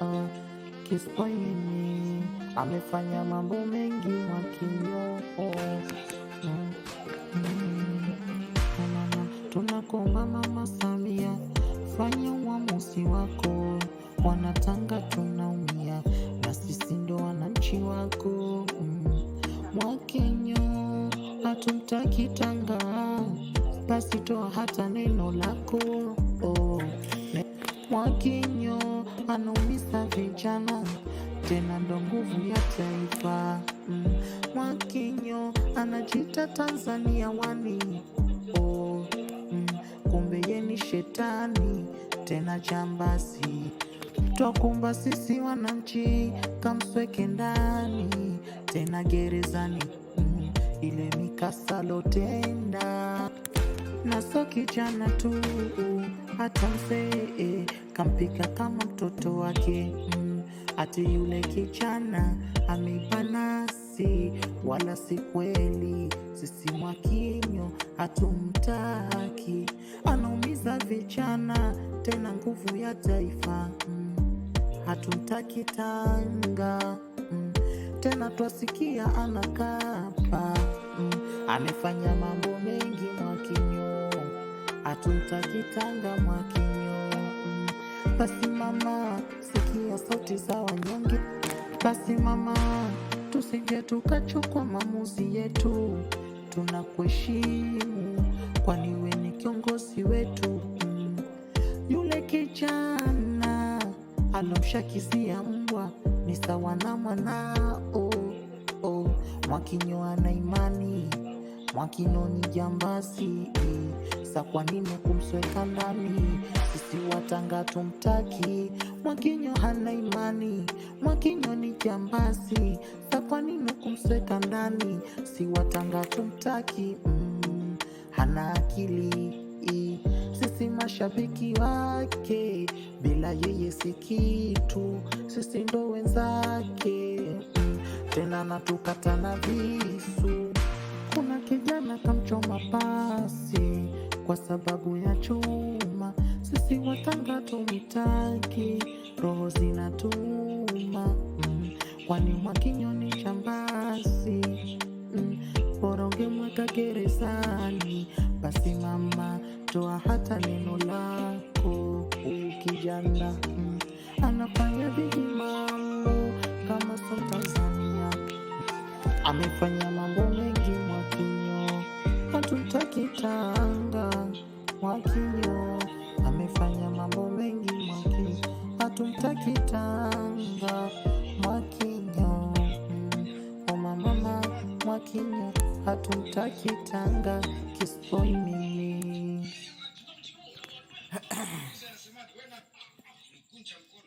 Oh, Kiswahili amefanya mambo mengi wakio Tunakomba Mama Samia, fanya uamuzi wako, Wanatanga tunaumia na sisi ndo wananchi wako mm. Mwakenyo hatumtaki Tanga toa hata neno lako oh. Mwakinyo anaumisa vijana tena ndo nguvu ya taifa mm. Mwakinyo anajita Tanzania wani oh. mm. Kumbe yeni shetani tena jambazi twakumba sisi wananchi kamsweke ndani tena gerezani mm. Ile mikasa lotenda na so kijana tu, hata mzee kampika kama mtoto wake mm, Ati yule kijana ameiba nasi, wala si kweli, sisi Mwakinyo hatumtaki, anaumiza vijana, tena nguvu ya taifa mm, Hatumtaki Tanga mm, Tena twasikia anakapa Amefanya mambo mengi hatumtaki mwakinyo. Basi mama, sikia sauti za wanyonge. Basi mama, tusije tukachukua maamuzi yetu, tunakuheshimu kwani wewe ni kiongozi wetu. Yule kijana alomshakizia mbwa ni sawa na mwanao. Oh, Mwakinyo ana imani ni jambasi, eh. sa kwa nini kumsweka ndani? Sisi Watanga tumtaki Mwakinyo, hana imani. Mwakinyo ni jambasi, sa kwa nini kumsweka ndani? Si Watanga tumtaki mm, hana akili. Eh. Sisi mashabiki wake, bila yeye si kitu, sisi ndo wenzake mm, tena natukata na visu akamchoma pasi kwa sababu ya chuma. Sisi Watanga tumitaki roho zinatuma mm. Kwani Mwakinyoni chambasi mm. mweka gerezani basi, mama toa hata neno lako ukijanda mm. Anafanya viji mambo kama Tanzania amefanya changa Mwakinyo amefanya mambo mengi Mwakinyo hatumtaki Tanga Mwakinyo mm. oma mama Mwakinyo hatumtaki Tanga kisoni